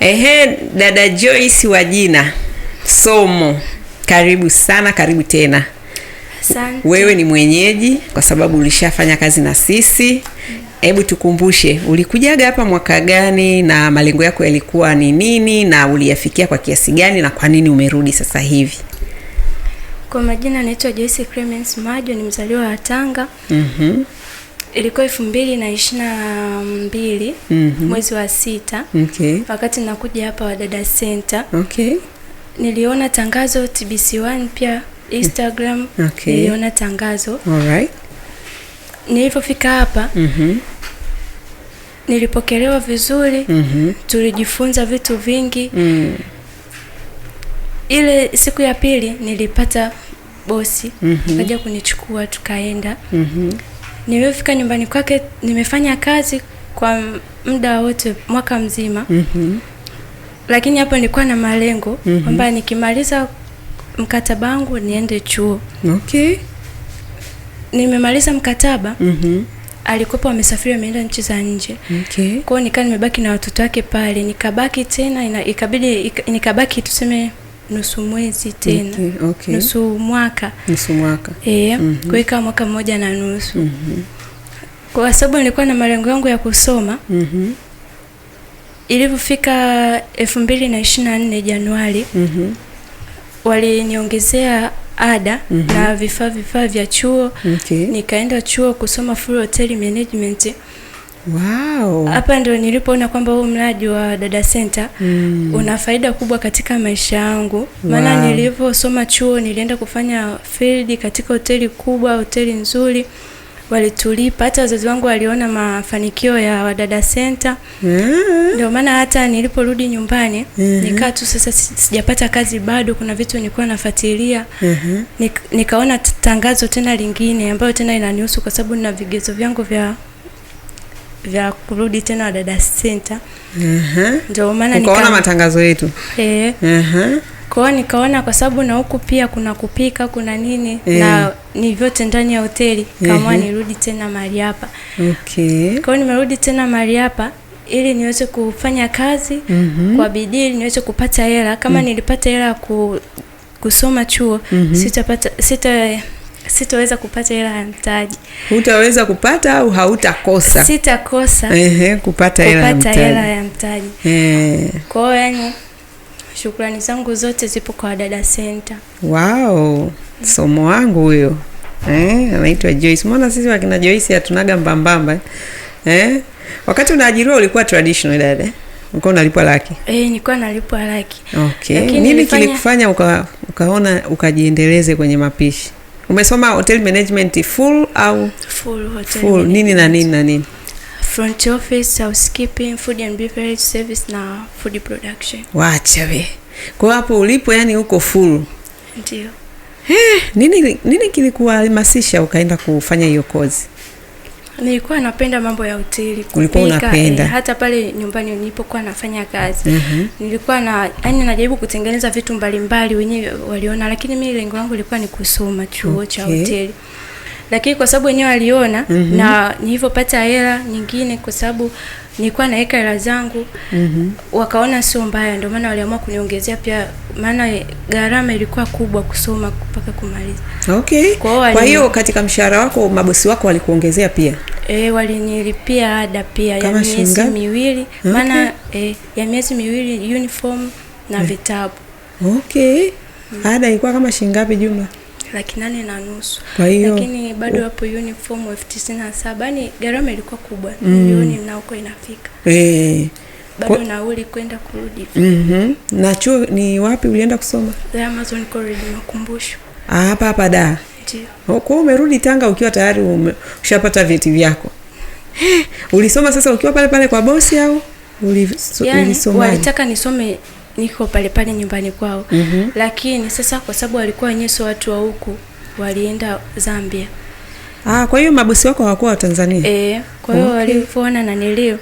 Ehe, dada Joyce wa jina Somo, karibu sana, karibu tena. Asante. Wewe ni mwenyeji kwa sababu ulishafanya kazi na sisi. Hebu tukumbushe ulikujaga hapa mwaka gani na malengo yako yalikuwa ni nini na uliyafikia kwa kiasi gani na kwa nini umerudi sasa hivi? Kwa majina naitwa Joyce Clemens Majo, ni mzaliwa wa Tanga. mm -hmm ilikuwa elfu mbili na ishirini na mbili mm -hmm. mwezi wa sita okay. wakati nakuja hapa Wadada Center okay. niliona tangazo TBC1 pia Instagram okay. niliona tangazo alright. nilivyofika hapa mm -hmm. nilipokelewa vizuri mm -hmm. tulijifunza vitu vingi mm. Ile siku ya pili nilipata bosi mm -hmm. kaja kunichukua tukaenda mm -hmm Nilivyofika nyumbani kwake nimefanya kazi kwa muda wote mwaka mzima mm -hmm. Lakini hapo nilikuwa na malengo mhm. kwamba mm -hmm. nikimaliza mkataba wangu niende chuo. Okay. Nimemaliza mkataba mm -hmm. Alikuwa amesafiri ameenda nchi za nje. Okay. Kwa nikaa nimebaki na watoto wake pale, nikabaki tena ina, ikabidi ik, nikabaki tuseme nusu mwezi tena okay, okay. nusu mwaka, nusu mwaka. E, mm -hmm. kuweka mwaka mmoja na nusu mm -hmm. kwa sababu nilikuwa na malengo yangu ya kusoma mm -hmm. ilivyofika elfu mbili na ishirini na nne Januari mm -hmm. waliniongezea ada mm -hmm. na vifaa vifaa vya chuo okay. nikaenda chuo kusoma full hotel management Wow. Hapa ndo nilipoona kwamba huu mradi wa Dada Center mm. una faida kubwa katika maisha yangu, maana wow. nilivyosoma chuo nilienda kufanya field katika hoteli kubwa, hoteli nzuri walitulipa hata wazazi wangu waliona mafanikio ya Wadada Center. Hmm. Ndio maana hata niliporudi nyumbani hmm. nikaa tu sasa, sijapata kazi bado, kuna vitu nilikuwa nafuatilia. Hmm. Nika, nikaona tangazo tena lingine ambayo tena inanihusu kwa sababu nina vigezo vyangu vya vya kurudi tena Dada Center. Uh-huh. Ndio maana nikaona matangazo yetu eh. Uh-huh. Kwa hiyo nikaona kwa sababu na huku pia kuna kupika kuna nini eh, na ni vyote ndani ya hoteli kama nirudi tena mahali hapa. Okay. Kwa hiyo nimerudi tena mahali hapa ili niweze kufanya kazi mm -hmm. kwa bidii ili niweze kupata hela kama mm -hmm. nilipata hela ku, kusoma chuo mm -hmm. sitapata sita sitaweza kupata hela ya mtaji. Hutaweza kupata au hautakosa? Sitakosa ehe, kupata hela ya mtaji. Kwa hiyo yani shukrani zangu zote zipo kwa Wadada Center. Wow, somo wangu huyo eh, anaitwa Joyce. Mbona sisi wakina Joyce hatunaga mbambamba eh? Wakati unaajiriwa ulikuwa traditional dada, eh? ulikuwa unalipwa laki? Eh, nilikuwa nalipwa laki. Okay, Lakini nini nilifanya... kilikufanya uka, ukaona ukajiendeleze kwenye mapishi? Umesoma hotel management full au full hotel full management. Nini na nini na nini? Front office, housekeeping, food and beverage service na food production. Wacha we. Kwa hapo ulipo yani uko full. Ndio. Eh, nini nini kilikuhamasisha ukaenda kufanya hiyo kozi? Nilikuwa napenda mambo ya hoteli kulikuwa unapenda eh, hata pale nyumbani nilipokuwa nafanya kazi mm -hmm. nilikuwa na yani najaribu kutengeneza vitu mbalimbali wenyewe waliona, lakini mimi lengo langu lilikuwa ni kusoma chuo okay. cha hoteli lakini kwa sababu wenyewe waliona mm -hmm. na nilivyopata hela nyingine kwa sababu nilikuwa naweka hela zangu mm -hmm. Wakaona sio mbaya, ndio maana waliamua kuniongezea pia, maana gharama ilikuwa kubwa kusoma mpaka kumaliza. Okay, kwa hiyo katika mshahara wako mabosi wako walikuongezea pia? E, walinilipia ada pia ya miezi miwili okay. Maana e, ya miezi miwili uniform na eh. vitabu okay. Mm. Ada ilikuwa kama shilingi ngapi jumla? laki nane na nusu kwa lakini bado hapo uniform elfu tisini na saba yani gharama ilikuwa kubwa mm. milioni mm. na huko inafika e. bado kwa... nauli kwenda kurudi mm -hmm. na chuo ni wapi ulienda kusoma Amazon College Makumbusho ah, hapa hapa da ndio oh, kwa umerudi Tanga ukiwa tayari ume... ushapata vyeti vyako ulisoma sasa ukiwa pale pale kwa bosi au ulisomaje yani, walitaka nisome niko pale pale nyumbani kwao mm -hmm. Lakini sasa kwa sababu walikuwa wenyewe sio watu wa huku, walienda Zambia. Ah, kwa hiyo mabosi wako hawakuwa wa Tanzania e, kwa hiyo okay. Walivyoona nanilio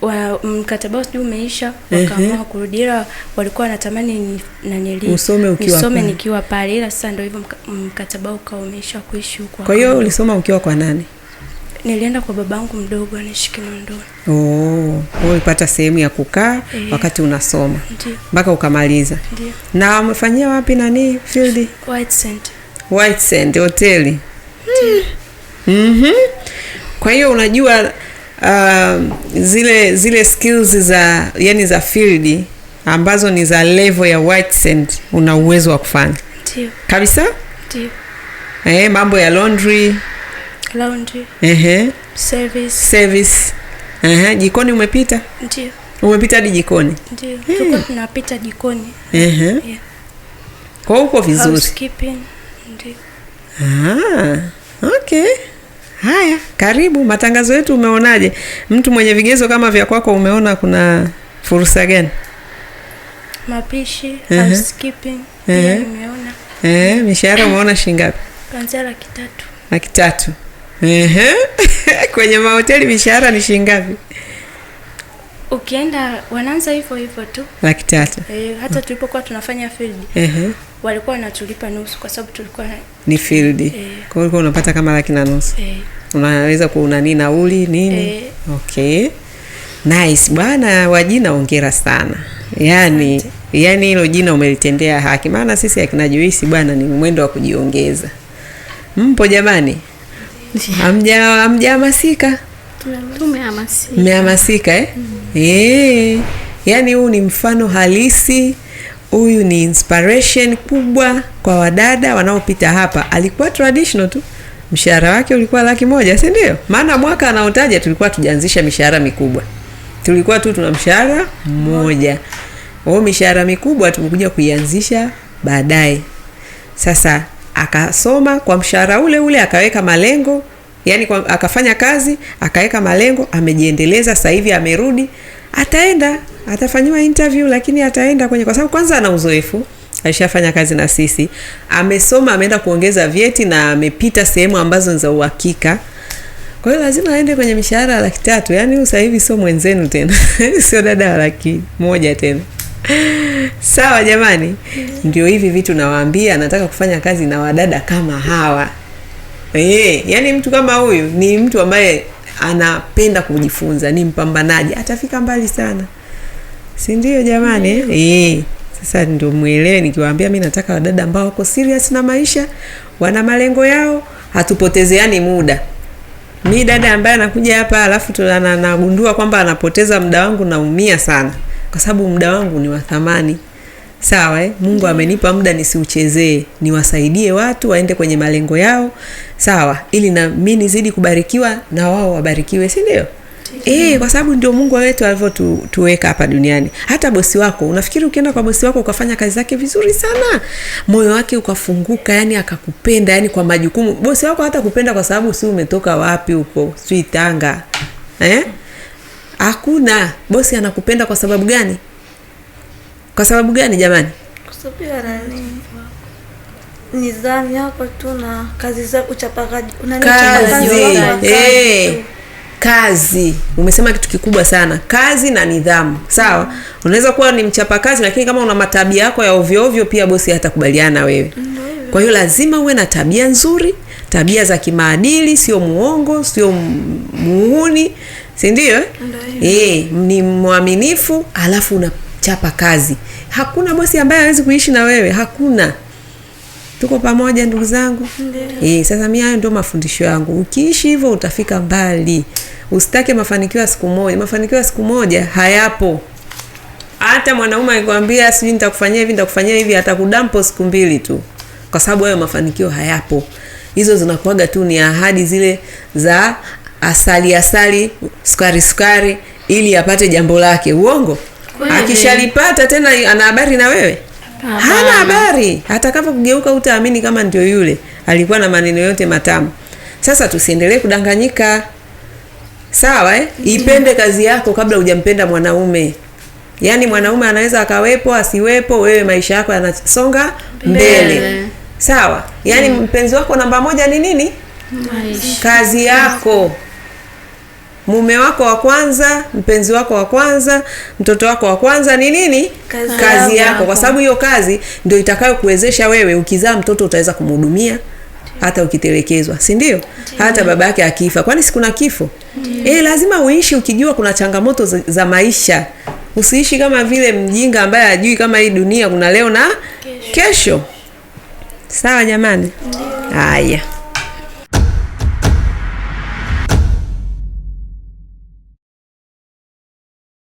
wa mkataba wao sijui umeisha, wakaamua kurudi, ila walikuwa wanatamani nanili usome ukiwa nisome nikiwa pale, ila sasa ndio hivyo mkataba wao umeisha kuishi huko. Kwa hiyo ulisoma ukiwa kwa nani? nilienda kwa babangu mdogo anaishi Kinondoni. Oh, ulipata sehemu ya kukaa e, wakati unasoma mpaka ukamaliza. Ndiyo. na umefanyia wapi nani field? White Sand. White Sand hoteli. Mhm. Kwa hiyo unajua uh, zile zile skills za yani za field ambazo ni za level ya White Sand una uwezo wa kufanya. Ndiyo. Kabisa? Ndiyo. Eh, mambo ya laundry Laundry. Ehe. Service. Service. Ehe, jikoni umepita? Ndio. Umepita hadi jikoni? Eh. tunapita jikoni. Ehe. Yeah. Kwa uko vizuri. Housekeeping. Ah, okay. Haya, karibu matangazo yetu. Umeonaje, mtu mwenye vigezo kama vya kwako, umeona kuna fursa gani? Mapishi, housekeeping, eh, mishahara umeona shilingi ngapi? Ehe. Kwenye mahoteli mishahara ni shilingi ngapi? Ukienda wanaanza hivyo hivyo tu. Laki tatu. Eh, hata tulipokuwa tunafanya field. Ehe. Walikuwa wanatulipa nusu kwa sababu tulikuwa ni field. E. Kwa hiyo unapata kama laki na nusu. E. Unaweza kuona nini nauli nini? E. Okay. Nice. Bwana wajina ongera sana. Yaani, Sante. Yaani hilo jina umelitendea haki. Maana sisi akina juisi bwana ni mwendo wa kujiongeza. Mpo jamani? hamjahamasika? Mmehamasika eh? mm. yaani huu ni mfano halisi huyu ni inspiration kubwa kwa wadada wanaopita hapa. Alikuwa traditional tu, mshahara wake ulikuwa laki moja, sindio Maana mwaka anaotaja tulikuwa tujaanzisha mishahara mikubwa, tulikuwa tu tuna mshahara mmoja. o mishahara mikubwa tumekuja kuianzisha baadaye. Sasa akasoma kwa mshahara ule ule, akaweka malengo yani kwa, akafanya kazi akaweka malengo, amejiendeleza. Sasa hivi amerudi, ataenda atafanyiwa interview, lakini ataenda kwenye, kwa sababu kwanza ana uzoefu, alishafanya kazi na sisi, amesoma, ameenda kuongeza vyeti na amepita sehemu ambazo ni za uhakika. Kwa hiyo lazima aende kwenye mishahara ya laki tatu. Yani sasa hivi sio mwenzenu tena sio dada wa laki moja tena. Sawa jamani, ndio hivi vitu nawaambia, nataka kufanya kazi na wadada kama hawa e, yani mtu kama huyu ni mtu ambaye anapenda kujifunza, ni mpambanaji, atafika mbali sana, si ndio jamani? E, sasa ndio mwelewe nikiwaambia mi nataka wadada ambao wako serious na maisha, wana malengo yao, hatupotezeani muda mi dada ambaye anakuja hapa alafu tunagundua kwamba anapoteza muda wangu, naumia sana kwa sababu muda wangu ni wa thamani. Sawa eh? Mungu amenipa muda nisiuchezee, niwasaidie watu waende kwenye malengo yao, sawa, ili na mimi nizidi kubarikiwa na wao wabarikiwe, si ndio? E, kwa sababu ndio Mungu wetu alivyotuweka hapa duniani. Hata bosi wako, unafikiri ukienda kwa bosi wako ukafanya kazi zake vizuri sana, moyo wake ukafunguka, yani akakupenda, yani kwa majukumu, bosi wako hata kupenda kwa sababu si umetoka wapi huko, si Tanga eh? Hakuna. Bosi anakupenda kwa sababu gani? Kwa sababu gani jamani? nidhamu yako tu na kazi zako, uchapakaji eh. kazi umesema kitu kikubwa sana, kazi na nidhamu. Sawa, mm. Unaweza kuwa ni mchapakazi, lakini kama una matabia yako ya ovyoovyo pia bosi hatakubaliana wewe mm. Kwa hiyo lazima uwe na tabia nzuri, tabia za kimaadili, sio muongo, sio muhuni, si ndio? Eh, ni mwaminifu alafu unachapa kazi. Hakuna bosi ambaye hawezi kuishi na wewe, hakuna. Tuko pamoja ndugu zangu. Eh, sasa mimi hayo ndio mafundisho yangu. Ukiishi hivyo utafika mbali. Usitake mafanikio ya siku moja. Mafanikio ya siku moja hayapo. Hata mwanaume akikwambia sijui nitakufanyia hivi nitakufanyia hivi, atakudampo siku mbili tu, kwa sababu hayo mafanikio hayapo. Hizo zinakuaga tu ni ahadi zile za asali asali, sukari sukari, ili apate jambo lake. Uongo? Akishalipata tena ana habari na wewe? Hana habari. Atakapokugeuka utaamini kama ndio yule alikuwa na maneno yote matamu. Sasa tusiendelee kudanganyika, sawa eh? Mm-hmm. Ipende kazi yako kabla hujampenda mwanaume. Yaani mwanaume anaweza akawepo asiwepo, wewe maisha yako yanasonga mbele, sawa? Yaani mm. mpenzi wako namba moja ni nini? Maisha. Kazi yako mume wako wa kwanza, mpenzi wako wa kwanza, mtoto wako wa kwanza ni nini? Kazi, kazi yako, kwa sababu hiyo kazi ndio itakayokuwezesha wewe, ukizaa mtoto utaweza kumhudumia hata ukitelekezwa, si ndio? Hata baba yake akifa, kwani si kuna kifo? E, lazima uishi ukijua kuna changamoto za maisha. Usiishi kama vile mjinga ambaye hajui kama hii dunia kuna leo na kesho. Sawa jamani, haya.